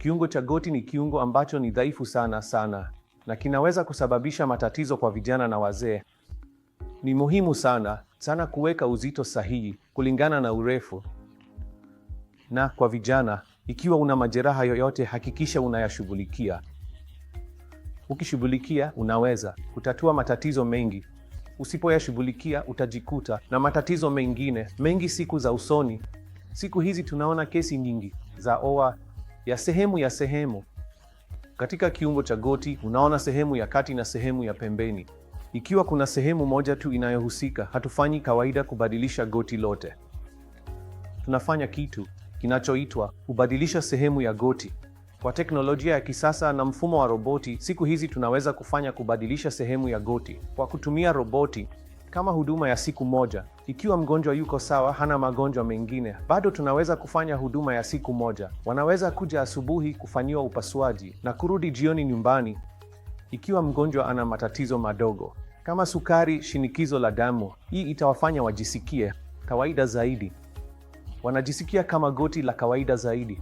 Kiungo cha goti ni kiungo ambacho ni dhaifu sana sana na kinaweza kusababisha matatizo kwa vijana na wazee. Ni muhimu sana sana kuweka uzito sahihi kulingana na urefu. Na kwa vijana, ikiwa una majeraha yoyote, hakikisha unayashughulikia. Ukishughulikia unaweza kutatua matatizo mengi. Usipoyashughulikia utajikuta na matatizo mengine mengi siku za usoni. Siku hizi tunaona kesi nyingi za OA ya sehemu ya sehemu. Katika kiungo cha goti unaona sehemu ya kati na sehemu ya pembeni. Ikiwa kuna sehemu moja tu inayohusika, hatufanyi kawaida kubadilisha goti lote. Tunafanya kitu kinachoitwa kubadilisha sehemu ya goti. Kwa teknolojia ya kisasa na mfumo wa roboti, siku hizi tunaweza kufanya kubadilisha sehemu ya goti kwa kutumia roboti kama huduma ya siku moja. Ikiwa mgonjwa yuko sawa, hana magonjwa mengine, bado tunaweza kufanya huduma ya siku moja. Wanaweza kuja asubuhi kufanyiwa upasuaji na kurudi jioni nyumbani. Ikiwa mgonjwa ana matatizo madogo kama sukari, shinikizo la damu, hii itawafanya wajisikie kawaida zaidi, wanajisikia kama goti la kawaida zaidi.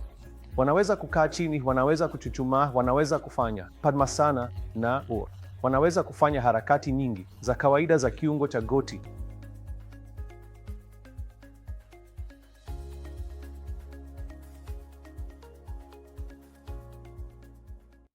Wanaweza kukaa chini, wanaweza kuchuchumaa, wanaweza kufanya padmasana na u wanaweza kufanya harakati nyingi za kawaida za kiungo cha goti